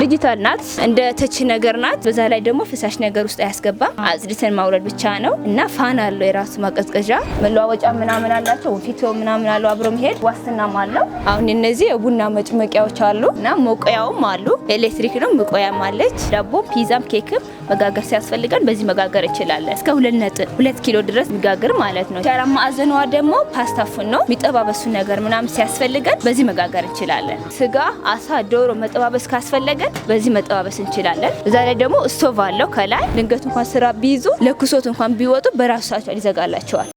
ዲጂታል ናት፣ እንደ ተች ነገር ናት። በዛ ላይ ደግሞ ፈሳሽ ነገር ውስጥ አያስገባም። አጽድተን ማውረድ ብቻ ነው እና ፋን አለው የራሱ ማቀዝቀዣ መለዋወጫ ምናምን አላቸው። ወፊት ምናምን አለው አብሮ መሄድ ዋስትናም አለው። አሁን እነዚህ የቡና መጭመቂያዎች አሉ እና መቆያውም አሉ። ኤሌክትሪክ ነው መቆያም አለች። ዳቦ ፒዛም ኬክም መጋገር ሲያስፈልገን በዚህ መጋገር እንችላለን። እስከ ሁለት ነጥብ ሁለት ኪሎ ድረስ ሚጋግር ማለት ነው። ሻራ ማዕዘኗ ደግሞ ፓስታ ፉን ነው የሚጠባበሱ ነገር ምናምን ሲያስፈልገን በዚህ መጋገር እንችላለን። ስጋ፣ አሳ፣ ዶሮ መጠባበስ ካስፈለገን በዚህ መጠባበስ እንችላለን። እዛ ላይ ደግሞ ስቶቭ አለው ከላይ ድንገት እንኳን ስራ ቢይዙ ለኩሶት እንኳን ቢወጡ በራሱ ሰዓት ይዘጋላቸዋል።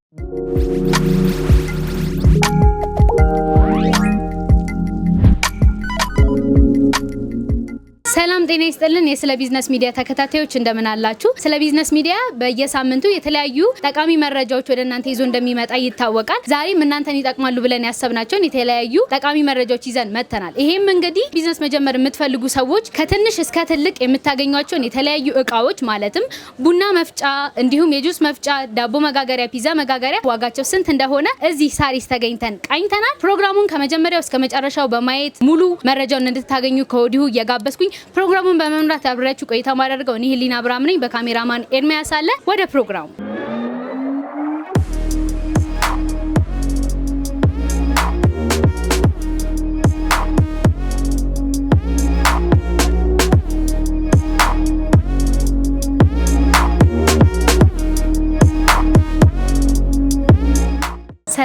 ጤና ይስጥልን የስለ ቢዝነስ ሚዲያ ተከታታዮች እንደምን አላችሁ? ስለ ቢዝነስ ሚዲያ በየሳምንቱ የተለያዩ ጠቃሚ መረጃዎች ወደ እናንተ ይዞ እንደሚመጣ ይታወቃል። ዛሬም እናንተን ይጠቅማሉ ብለን ያሰብናቸውን የተለያዩ ጠቃሚ መረጃዎች ይዘን መጥተናል። ይሄም እንግዲህ ቢዝነስ መጀመር የምትፈልጉ ሰዎች ከትንሽ እስከ ትልቅ የምታገኟቸውን የተለያዩ እቃዎች ማለትም ቡና መፍጫ፣ እንዲሁም የጁስ መፍጫ፣ ዳቦ መጋገሪያ፣ ፒዛ መጋገሪያ ዋጋቸው ስንት እንደሆነ እዚህ ሳሪስ ተገኝተን ቃኝተናል። ፕሮግራሙን ከመጀመሪያው እስከ መጨረሻው በማየት ሙሉ መረጃውን እንድታገኙ ከወዲሁ እየጋበዝኩኝ ፕሮግራሙ ፕሮግራሙን በመምራት አብሬያችሁ ቆይታ ማደርገው እኔ ህሊና አብርሃም ነኝ። በካሜራማን ኤርሚያስ አለ። ወደ ፕሮግራሙ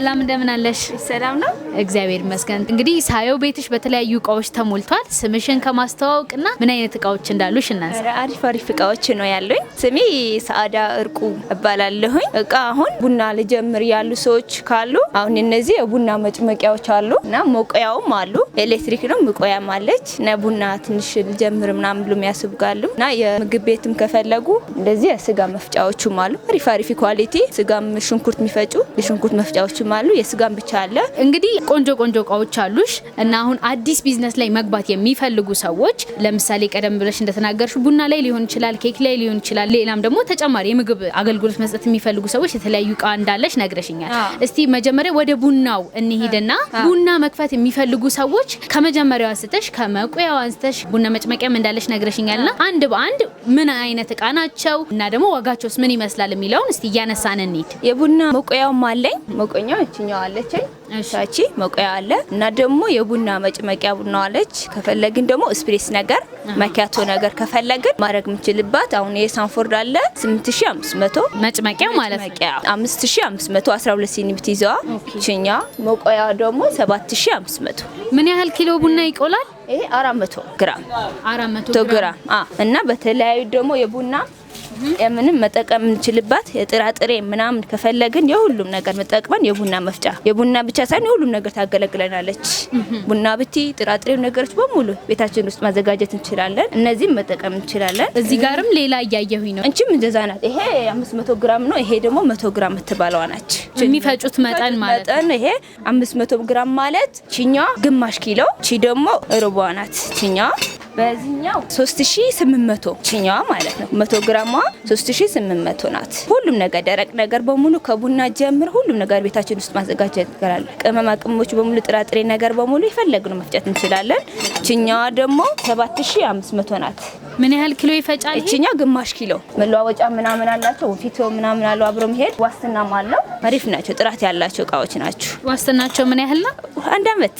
ሰላም እንደምን አለሽ? ሰላም ነው፣ እግዚአብሔር ይመስገን። እንግዲህ ሳየው ቤትሽ በተለያዩ እቃዎች ተሞልቷል። ስምሽን ከማስተዋወቅና ምን አይነት እቃዎች እንዳሉሽ እናንስ። አሪፍ አሪፍ እቃዎች ነው ያለኝ። ስሜ ሰአዳ እርቁ እባላለሁኝ። እቃ አሁን ቡና ልጀምር ያሉ ሰዎች ካሉ አሁን እነዚህ የቡና መጭመቂያዎች አሉ እና መቆያውም አሉ። ኤሌክትሪክ ነው መቆያም አለች እና ቡና ትንሽ ልጀምር ምናምን ብሎ ያስብጋሉ እና የምግብ ቤትም ከፈለጉ እንደዚህ የስጋ መፍጫዎቹም አሉ። አሪፍ አሪፍ ኳሊቲ ስጋም ሽንኩርት የሚፈጩ የሽንኩርት መፍጫዎችም አሉ። የስጋም ብቻ አለ። እንግዲህ ቆንጆ ቆንጆ እቃዎች አሉሽ እና አሁን አዲስ ቢዝነስ ላይ መግባት የሚፈልጉ ሰዎች ለምሳሌ ቀደም ብለሽ እንደተናገርሽ ቡና ላይ ሊሆን ይችላል፣ ኬክ ላይ ሊሆን ይችላል። ሌላም ደግሞ ተጨማሪ የምግብ አገልግሎት መስጠት የሚፈልጉ ሰዎች የተለያዩ እቃ እንዳለሽ ነግረሽኛል። እስቲ መጀመሪያ ወደ ቡናው እንሂድና ቡና መክፈት የሚፈልጉ ሰዎች ከመጀመሪያው አንስተሽ ከመቁያው አንስተሽ ቡና መጭመቂያም እንዳለሽ ነግረሽኛል ና አንድ በአንድ ምን አይነት እቃ ናቸው እና ደግሞ ዋጋቸውስ ምን ይመስላል የሚለውን እስቲ እያነሳን እንሂድ። የቡና መቆያውም አለኝ። መቆኛው ያችኛዋ አለችኝ። ሻቺ መቆያ አለ እና ደግሞ የቡና መጭመቂያ ቡና አለች። ከፈለግን ደግሞ ስፕሬስ ነገር መኪያቶ ነገር ከፈለግን ማድረግ የምንችልባት አሁን የሳንፎርድ አለ 8500 መጭመቂያ ማለት ነው። 5500 12 ሲኒ ብትይዘዋ ችኛ መቆያ ደግሞ 7500። ምን ያህል ኪሎ ቡና ይቆላል? ይሄ 400 ግራም 400 ግራም እና በተለያዩ ደግሞ የቡና የምንም መጠቀም የምንችልባት የጥራጥሬ ምናምን ከፈለግን የሁሉም ነገር መጠቅመን የቡና መፍጫ የቡና ብቻ ሳይሆን የሁሉም ነገር ታገለግለናለች። ቡና ብቲ ጥራጥሬ ነገሮች በሙሉ ቤታችን ውስጥ ማዘጋጀት እንችላለን። እነዚህም መጠቀም እንችላለን። እዚህ ጋርም ሌላ እያየሁኝ ነው። እንችም እንደዛ ናት። ይሄ መቶ ግራም ነው። ይሄ ደግሞ መቶ ግራም ምትባለዋ ናች። የሚፈጩት መጠን ማለት ነው። ይሄ መቶ ግራም ማለት ቺኛዋ ግማሽ ኪሎ፣ ቺ ደግሞ ርቧ ናት ቺኛዋ በዚህኛው 3800 ችኛዋ ማለት ነው። 100 ግራሟ 3800 ናት። ሁሉም ነገር ደረቅ ነገር በሙሉ ከቡና ጀምር ሁሉም ነገር ቤታችን ውስጥ ማዘጋጀት ይችላል። ቅመማ ቅመሞች በሙሉ ጥራጥሬ ነገር በሙሉ የፈለግነው መፍጨት እንችላለን። ችኛዋ ደግሞ 7500 ናት። ምን ያህል ኪሎ ይፈጫል? እችኛው ግማሽ ኪሎ መለዋወጫ ምናምን አላቸው። ወፊቶ ምናምን አለው አብሮ መሄድ ዋስትናም አለው። አሪፍ ናቸው። ጥራት ያላቸው እቃዎች ናቸው። ዋስትናቸው ምን ያህል ነው? አንድ አመት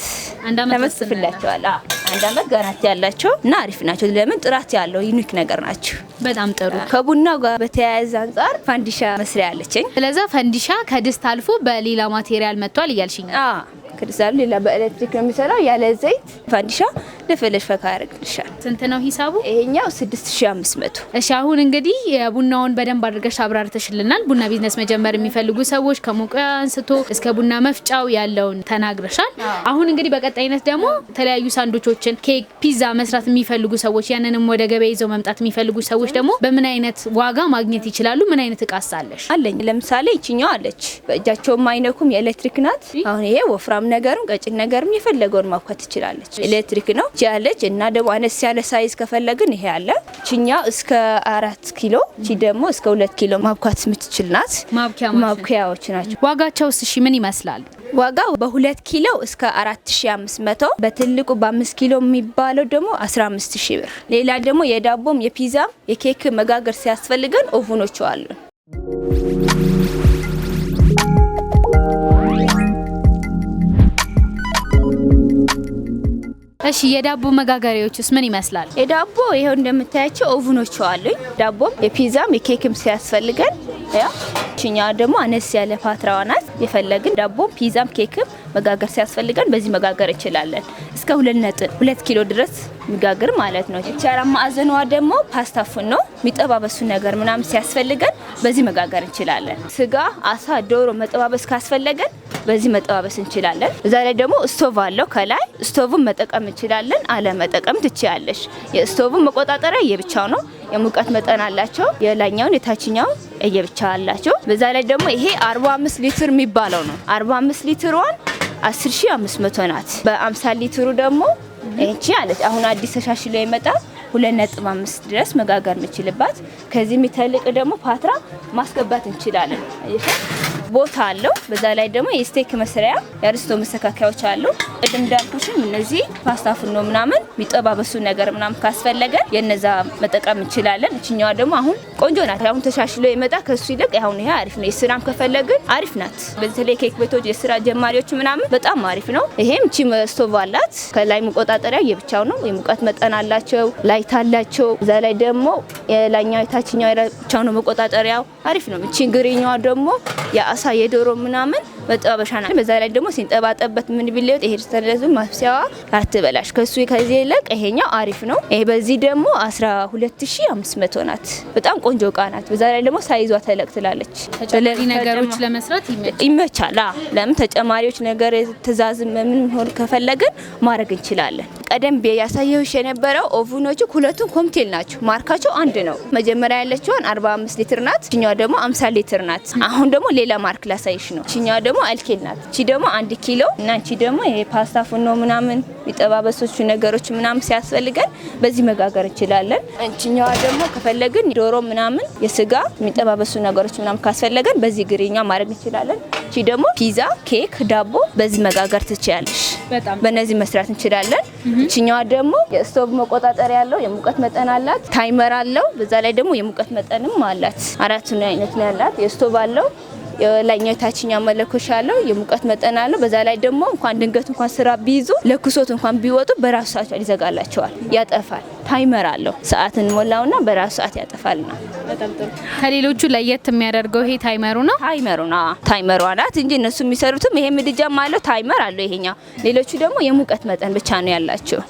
አንድ አመት ፍላቸዋል። አንድ አመት ጋራንቲ ያላቸው እና አሪፍ ናቸው። ለምን ጥራት ያለው ዩኒክ ነገር ናቸው። በጣም ጥሩ። ከቡና ጋር በተያያዘ አንጻር ፋንዲሻ መስሪያ አለችኝ። ስለዛ ፈንዲሻ ከድስት አልፎ በሌላ ማቴሪያል መጥቷል እያልሽኝ ክሪስታሉ ሌላ በኤሌክትሪክ ነው የሚሰራው። ያለ ዘይት ፋንዲሻ ለፈለሽ ፈካ ያደርግልሻል። ስንት ነው ሂሳቡ? ይሄኛው 6500። እሺ አሁን እንግዲህ ቡናውን በደንብ አድርገሽ አብራርተሽልናል። ቡና ቢዝነስ መጀመር የሚፈልጉ ሰዎች ከሞቀያ አንስቶ እስከ ቡና መፍጫው ያለውን ተናግረሻል። አሁን እንግዲህ በቀጣይነት ደግሞ የተለያዩ ሳንዶቾችን፣ ኬክ፣ ፒዛ መስራት የሚፈልጉ ሰዎች ያንንም ወደ ገበያ ይዘው መምጣት የሚፈልጉ ሰዎች ደግሞ በምን አይነት ዋጋ ማግኘት ይችላሉ? ምን አይነት እቃስ አለሽ? አለኝ። ለምሳሌ ይችኛው አለች። በእጃቸውም አይነኩም፣ የኤሌክትሪክ ናት። አሁን ይሄ ወፍራም ነገርም ቀጭን ነገርም የፈለገውን ማብኳት ትችላለች። ኤሌክትሪክ ነው ያለች እና ደግሞ አነስ ያለ ሳይዝ ከፈለግን ይሄ አለ። ችኛ እስከ አራት ኪሎ ቺ ደግሞ እስከ ሁለት ኪሎ ማብኳት የምትችል ናት። ማብኪያዎች ናቸው። ዋጋቸው ስሺ ምን ይመስላል? ዋጋው በሁለት ኪሎ እስከ 4500 በትልቁ በአምስት ኪሎ የሚባለው ደግሞ 15000 ብር። ሌላ ደግሞ የዳቦም የፒዛም የኬክ መጋገር ሲያስፈልገን ኦቭኖች አሉን። እሺ የዳቦ መጋገሪያዎችስ ምን ይመስላል? የዳቦ ይሄው እንደምታያቸው ኦቭኖች አሉኝ። ዳቦም የፒዛም የኬክም ሲያስፈልገን ያው ደግሞ አነስ ያለ ፓትራዋናት ናት። የፈለግን ፒዛም ኬክም መጋገር ሲያስፈልገን በዚህ መጋገር እንችላለን። እስከ ሁለት ነጥብ ሁለት ኪሎ ድረስ ሚጋግር ማለት ነው። ቻራ ማዕዘኗ ደግሞ ፓስታ ፉን ነው የሚጠባበሱ ነገር ምናምን ሲያስፈልገን በዚህ መጋገር እንችላለን። ስጋ፣ አሳ፣ ዶሮ መጠባበስ ካስፈለገን በዚህ መጠባበስ እንችላለን። እዛ ላይ ደግሞ ስቶቭ አለው ከላይ ስቶቭን መጠቀም እንችላለን። አለመጠቀም ትችያለሽ። የስቶቭን መቆጣጠሪያ እየብቻ ነው። የሙቀት መጠን አላቸው። የላኛውን የታችኛው እየብቻ አላቸው። በዛ ላይ ደግሞ ይሄ 45 ሊትር የሚባለው ነው። 45 ሊትሯን 10500 ናት። በ50 ሊትሩ ደግሞ እቺ አለች። አሁን አዲስ ተሻሽሎ የመጣ ሁለት ነጥብ አምስት ድረስ መጋገር የምችልባት ከዚህ የሚተልቅ ደግሞ ፓትራ ማስገባት እንችላለን። ቦታ አለው። በዛ ላይ ደግሞ የስቴክ መስሪያ የአርስቶ መስተካከያዎች አሉ። ቅድም እንዳልኩሽም እነዚህ ፓስታ ፍኖ ምናምን የሚጠባበሱ ነገር ምናምን ካስፈለገን የነዛ መጠቀም እንችላለን። እችኛዋ ደግሞ አሁን ቆንጆ ናት። አሁን ተሻሽሎ የመጣ ከሱ ይልቅ አሁን ይሄ አሪፍ ነው። የስራም ከፈለግን አሪፍ ናት። በተለይ ኬክ ቤቶች የስራ ጀማሪዎች ምናምን በጣም አሪፍ ነው። ይሄም ቺ ስቶቭ አላት። ከላይ መቆጣጠሪያ የብቻው ነው። የሙቀት መጠን አላቸው፣ ላይት አላቸው። እዛ ላይ ደግሞ የላይኛው የታችኛው ብቻው ነው መቆጣጠሪያው። አሪፍ ነው። እቺ ግሪኛዋ ደግሞ የአሳ የዶሮ ምናምን መጠባበሻ ናት። በዛ ላይ ደግሞ ሲንጠባጠበት ምን ይሄ አትበላሽ። ከሱ ከዚህ ይሄኛው አሪፍ ነው። ይሄ በዚህ ደግሞ 12500 ናት። በጣም ቆንጆ እቃ ናት። በዛ ላይ ደግሞ ሳይዟ ተለቅ ትላለች። ተጨማሪ ነገሮች ለመስራት ይመቻል። ለምን ተጨማሪዎች ነገር ትእዛዝ ምን ሆን ከፈለግን ማድረግ እንችላለን። ቀደም ያሳየሁሽ የነበረው ኦቭኖቹ ሁለቱም ኮምቴል ናቸው። ማርካቸው አንድ ነው። መጀመሪያ ያለችዋን 45 ሊትር ናት፣ ችኛዋ ደግሞ 50 ሊትር ናት። አሁን ደግሞ ሌላ ማርክ ላሳይሽ ነው። ችኛዋ ደግሞ አልኬል ናት። ቺ ደግሞ አንድ ኪሎ እና ቺ ደግሞ ይሄ ፓስታ ፉኖ ምናምን የሚጠባበሶቹ ነገሮች ምናምን ሲያስፈልገን በዚህ መጋገር እንችላለን። ችኛዋ ደግሞ ከፈለግን ዶሮ ምናምን የስጋ የሚጠባበሱ ነገሮች ምናምን ካስፈለገን በዚህ ግሪኛ ማድረግ እንችላለን። እቺ ደግሞ ፒዛ፣ ኬክ፣ ዳቦ በዚህ መጋገር ትችያለሽ። በእነዚህ መስራት እንችላለን። እችኛዋ ደግሞ የስቶቭ መቆጣጠር ያለው የሙቀት መጠን አላት። ታይመር አለው። በዛ ላይ ደግሞ የሙቀት መጠንም አላት። አራቱን አይነት ነው ያላት። የስቶቭ አለው የላይኛው የታችኛው መለኮሻ አለው፣ የሙቀት መጠን አለው። በዛ ላይ ደግሞ እንኳን ድንገት እንኳን ስራ ቢይዙ ለክሶት እንኳን ቢወጡ በራሱ ሰዓት ይዘጋላቸዋል፣ ያጠፋል። ታይመር አለው ሰዓትን ሞላውና በራሱ ሰዓት ያጠፋል ነው። ከሌሎቹ ለየት የሚያደርገው ይሄ ታይመሩ ነው። ታይመሩ ና ታይመሩ አላት እንጂ እነሱ የሚሰሩትም ይሄ ምድጃም አለው ታይመር አለው ይሄኛው። ሌሎቹ ደግሞ የሙቀት መጠን ብቻ ነው ያላቸው።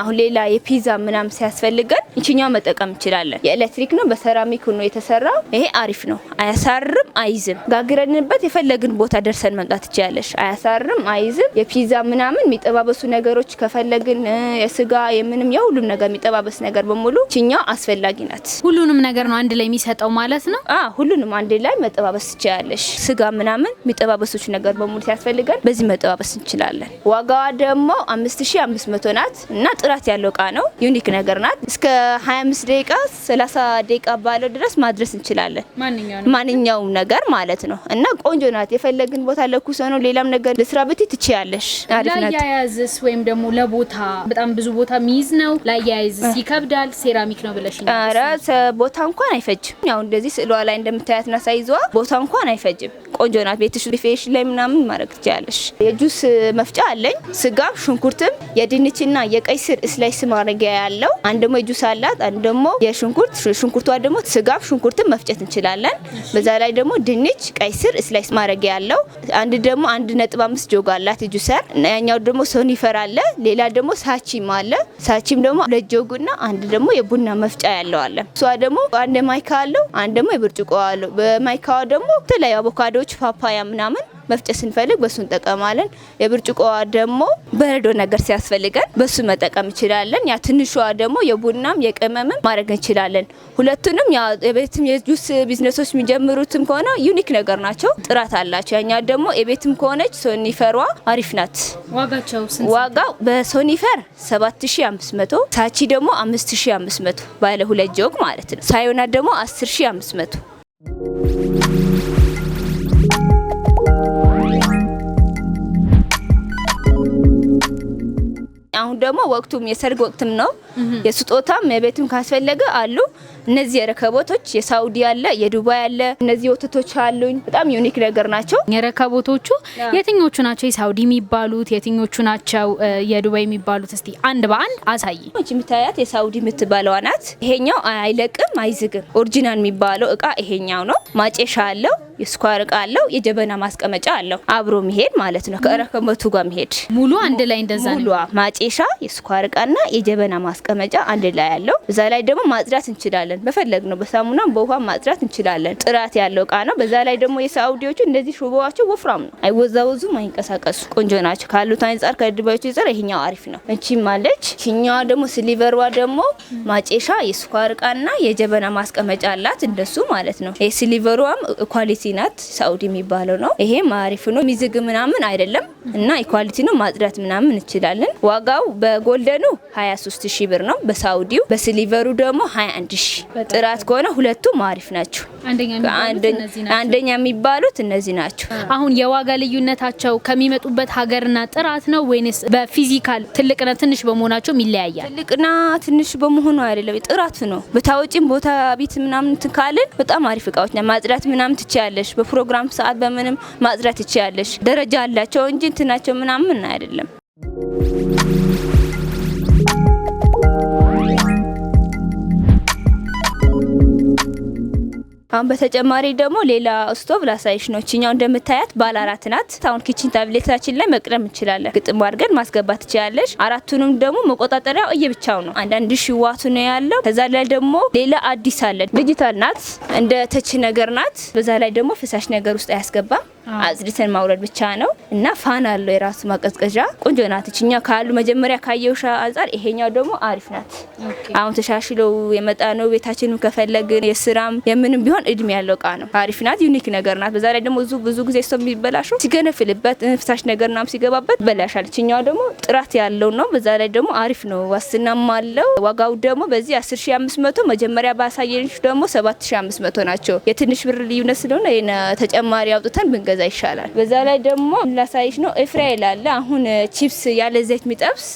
አሁን ሌላ የፒዛ ምናምን ሲያስፈልገን እችኛው መጠቀም እንችላለን። የኤሌክትሪክ ነው፣ በሰራሚክ ነው የተሰራው ይሄ አሪፍ ነው። አያሳርም፣ አይዝም። ጋግረንበት የፈለግን ቦታ ደርሰን መምጣት ትችላለሽ። አያሳርም፣ አይዝም። የፒዛ ምናምን የሚጠባበሱ ነገሮች ከፈለግን የስጋ የምንም የሁሉም ነገር የሚጠባበስ ነገር በሙሉ እችኛው አስፈላጊ ናት። ሁሉንም ነገር ነው አንድ ላይ የሚሰጠው ማለት ነው። ሁሉንም አንድ ላይ መጠባበስ ትችላለሽ። ስጋ ምናምን የሚጠባበሶች ነገር በሙሉ ሲያስፈልገን በዚህ መጠባበስ እንችላለን። ዋጋዋ ደግሞ አምስት ሺ አምስት መቶ ናት እና ጥራት ያለው እቃ ነው። ዩኒክ ነገር ናት። እስከ 25 ደቂቃ 30 ደቂቃ ባለው ድረስ ማድረስ እንችላለን፣ ማንኛውም ነገር ማለት ነው። እና ቆንጆ ናት። የፈለግን ቦታ ለኩሶ ነው። ሌላም ነገር ልስራ ብትይ ትችያለሽ። ላያያዝስ ወይም ደግሞ ለቦታ በጣም ብዙ ቦታ ሚይዝ ነው። ላያያዝስ ይከብዳል። ሴራሚክ ነው ብለሽ ኧረ ቦታ እንኳን አይፈጅም። ያው እንደዚህ ስዕሏ ላይ እንደምታያትና ሳይዟ ቦታ እንኳን አይፈጅም። ቆንጆ ናት። ቤትሽ ቢፌሽ ላይ ምናምን ማድረግ ትችላለሽ። የጁስ መፍጫ አለኝ። ስጋም ሽንኩርትም የድንችና የቀይ አስር ስላይስ ማድረጊያ ያለው አንድ ደግሞ የጁስ አላት፣ አንድ ደግሞ የሽንኩርት ሽንኩርቷ ደግሞ ስጋም ሽንኩርትን መፍጨት እንችላለን። በዛ ላይ ደግሞ ድንች፣ ቀይ ስር ስላይስ ማድረጊያ ያለው አንድ ደግሞ አንድ ነጥብ አምስት ጆግ አላት ጁሰር። ያኛው ደግሞ ሶኒፈር አለ፣ ሌላ ደግሞ ሳቺም አለ። ሳቺም ደግሞ ሁለት ጆግና አንድ ደግሞ የቡና መፍጫ ያለው አለ። እሷ ደግሞ አንድ ማይካ አለው፣ አንድ ደግሞ የብርጭቆ አለው። በማይካዋ ደግሞ የተለያዩ አቮካዶዎች፣ ፓፓያ ምናምን መፍጨት ስንፈልግ በሱ እንጠቀማለን። የብርጭቆዋ ደግሞ በረዶ ነገር ሲያስፈልገን በሱ መጠቀም እንችላለን። ያ ትንሿ ደግሞ የቡናም የቅመምም ማድረግ እንችላለን። ሁለቱንም የቤትም የጁስ ቢዝነሶች የሚጀምሩትም ከሆነ ዩኒክ ነገር ናቸው፣ ጥራት አላቸው። ያኛ ደግሞ የቤትም ከሆነች ሶኒፈሯ አሪፍ ናት። ዋጋው በሶኒፈር 7500 ሳቺ ደግሞ 5500 ባለ ሁለት ጆግ ማለት ነው። ሳዮና ደግሞ 10500 ደግሞ ወቅቱም የሰርግ ወቅትም ነው የስጦታም የቤትም ካስፈለገ አሉ። እነዚህ የረከቦቶች የሳውዲ አለ፣ የዱባይ አለ። እነዚህ ወተቶች አሉኝ። በጣም ዩኒክ ነገር ናቸው። የረከቦቶቹ የትኞቹ ናቸው የሳውዲ የሚባሉት? የትኞቹ ናቸው የዱባይ የሚባሉት? እስቲ አንድ በአንድ አሳይ። የምታያት የሳውዲ የምትባለዋ ናት። ይሄኛው አይለቅም፣ አይዝግም። ኦሪጂናል የሚባለው እቃ ይሄኛው ነው። ማጨሻ አለው የስኳር እቃ አለው። የጀበና ማስቀመጫ አለው። አብሮ መሄድ ማለት ነው። ከረከቦቱ ጋር መሄድ ሙሉ አንድ ላይ እንደዛ ሙሉ ማጨሻ፣ የስኳር እቃና የጀበና ማስቀመጫ አንድ ላይ አለው። እዛ ላይ ደግሞ ማጽዳት እንችላለን። እንችላለን። በፈለግ ነው በውሃ ማጽዳት እንችላለን። ጥራት ያለው እቃ ነው። በዛ ላይ ደግሞ የሳውዲዎቹ እንደዚህ ሽቦዋቸው ወፍራም ነው፣ አይወዛወዙም፣ አይንቀሳቀሱ፣ ቆንጆ ናቸው። ካሉት አንጻር ከድባዮቹ አንጻር ይሄኛው አሪፍ ነው። እቺም አለች። ይሄኛዋ ደግሞ ስሊቨሯ ደግሞ ማጨሻ፣ የስኳር እቃና የጀበና ማስቀመጫ አላት እንደሱ ማለት ነው። ይሄ ስሊቨሯም ኳሊቲ ናት፣ ሳውዲ የሚባለው ነው። ይሄም አሪፍ ነው፣ ሚዝግ ምናምን አይደለም እና ኢኳሊቲ ነው። ማጽዳት ምናምን እንችላለን። ዋጋው በጎልደኑ 23 ሺ ብር ነው በሳውዲው፣ በስሊቨሩ ደግሞ 21 ጥራት ከሆነ ሁለቱም አሪፍ ናቸው። አንደኛ የሚባሉት እነዚህ ናቸው። አሁን የዋጋ ልዩነታቸው ከሚመጡበት ሀገርና ጥራት ነው ወይንስ በፊዚካል ትልቅና ትንሽ በመሆናቸው ይለያያል? ትልቅና ትንሽ በመሆኑ አይደለም ጥራቱ ነው። በታወጪም ቦታ ቤት ምናምን ትካልን በጣም አሪፍ እቃዎች ና ማጽዳት ምናምን ትችያለሽ። በፕሮግራም ሰዓት በምንም ማጽዳት ትችያለሽ። ደረጃ አላቸው እንጂ እንትናቸው ምናምን አይደለም። አሁን በተጨማሪ ደግሞ ሌላ ስቶቭ ላሳይሽ ነው። እችኛው እንደምታያት ባለ አራት ናት። አሁን ኪችን ታብሌታችን ላይ መቅረም እንችላለን። ግጥም አድርገን ማስገባት ትችላለች። አራቱንም ደግሞ መቆጣጠሪያው እየብቻው ነው። አንዳንድ ሽዋቱ ነው ያለው። ከዛ ላይ ደግሞ ሌላ አዲስ አለ። ዲጂታል ናት፣ እንደ ተች ነገር ናት። በዛ ላይ ደግሞ ፍሳሽ ነገር ውስጥ አያስገባም። አጽድተን ማውረድ ብቻ ነው እና ፋን አለው የራሱ ማቀዝቀዣ። ቆንጆ ናት እችኛ ካሉ መጀመሪያ ካየውሻ አንጻር ይሄኛው ደግሞ አሪፍ ናት። አሁን ተሻሽለው የመጣ ነው። ቤታችንም ከፈለግን የስራም የምንም ቢሆን እድሜ ያለው እቃ ነው። አሪፍ ናት። ዩኒክ ነገር ናት። በዛ ላይ ደግሞ ብዙ ጊዜ ሰው የሚበላሹ ሲገነፍልበት ፍሳሽ ነገር ናም ሲገባበት በላሻል። እችኛዋ ደግሞ ጥራት ያለው ነው። በዛ ላይ ደግሞ አሪፍ ነው። ዋስትናም አለው። ዋጋው ደግሞ በዚህ 10500 መጀመሪያ ባሳየንሽ ደግሞ 7500 ናቸው። የትንሽ ብር ልዩነት ስለሆነ ተጨማሪ አውጥተን ብንገ ብንገዛ ይሻላል። በዛ ላይ ደግሞ ላሳይሽ ነው ኤፍራይል አለ። አሁን ቺፕስ ያለ ዘይት የሚጠብስ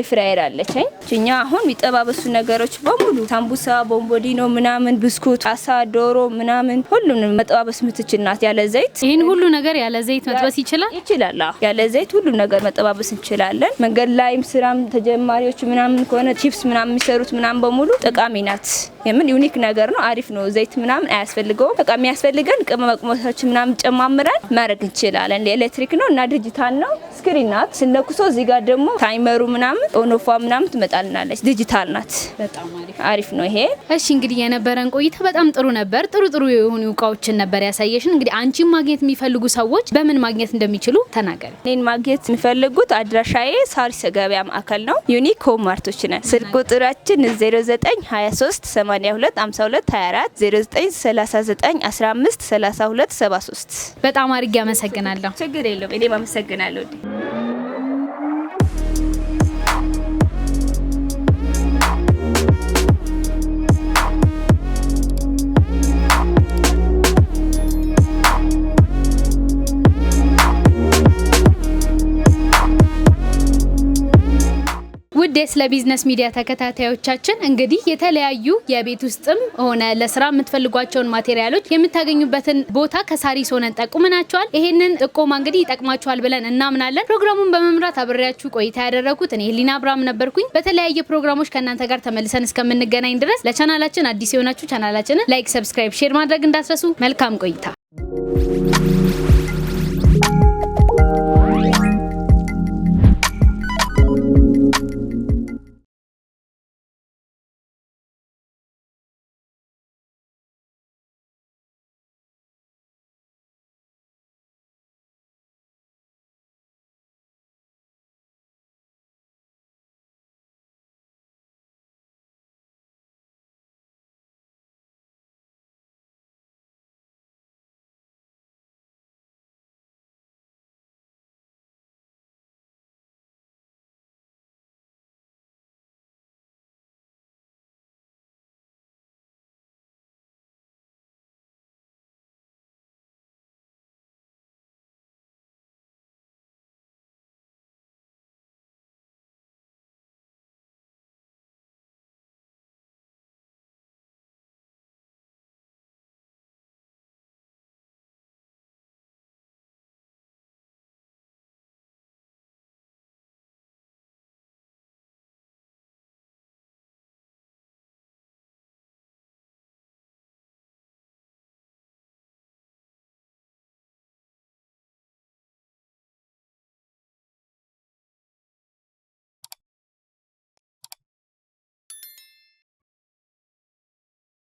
ኤፍራይል አለችኝ። እኛ አሁን የሚጠባበሱ ነገሮች በሙሉ ሳምቡሳ፣ ቦምቦዲኖ ምናምን፣ ብስኩት፣ አሳ፣ ዶሮ ምናምን ሁሉንም መጠባበስ የምትችል ናት ያለ ዘይት። ይህን ሁሉ ነገር ያለ ዘይት መጥበስ ይችላል ይችላል። ያለ ዘይት ሁሉ ነገር መጠባበስ እንችላለን። መንገድ ላይም ስራም ተጀማሪዎች ምናምን ከሆነ ቺፕስ ምናምን የሚሰሩት ምናምን በሙሉ ጠቃሚ ናት። የምን ዩኒክ ነገር ነው። አሪፍ ነው። ዘይት ምናምን አያስፈልገውም። በቃ የሚያስፈልገን ቅመማ ቅመሞች ምናምን ጨማምረ ጨምረን ማድረግ እንችላለን። ኤሌክትሪክ ነው እና ዲጂታል ነው። ስክሪን ናት ስነኩሶ እዚህ ጋር ደግሞ ታይመሩ ምናምን ኦኖፏ ምናምን ትመጣልናለች። ዲጂታል ናት። አሪፍ ነው ይሄ። እሺ እንግዲህ የነበረን ቆይታ በጣም ጥሩ ነበር። ጥሩ ጥሩ የሆኑ እቃዎችን ነበር ያሳየሽን። እንግዲህ አንቺን ማግኘት የሚፈልጉ ሰዎች በምን ማግኘት እንደሚችሉ ተናገር። እኔን ማግኘት የሚፈልጉት አድራሻዬ ሳሪስ ገበያ ማዕከል ነው። ዩኒክ ሆም ማርቶች ነን። ስልክ ቁጥራችን 0923825224 0939153273 በጣም አድርጌ አመሰግናለሁ። ችግር የለውም። እኔም አመሰግናለሁ። የዴስ ለቢዝነስ ሚዲያ ተከታታዮቻችን እንግዲህ የተለያዩ የቤት ውስጥም ሆነ ለስራ የምትፈልጓቸውን ማቴሪያሎች የምታገኙበትን ቦታ ከሳሪስ ሆነን ጠቁመናቸዋል። ይሄንን ጥቆማ እንግዲህ ይጠቅማቸዋል ብለን እናምናለን። ፕሮግራሙን በመምራት አብሬያችሁ ቆይታ ያደረኩት እኔ ሊና አብርሃም ነበርኩኝ። በተለያየ ፕሮግራሞች ከእናንተ ጋር ተመልሰን እስከምንገናኝ ድረስ ለቻናላችን አዲስ የሆናችሁ ቻናላችንን ላይክ፣ ሰብስክራይብ፣ ሼር ማድረግ እንዳትረሱ። መልካም ቆይታ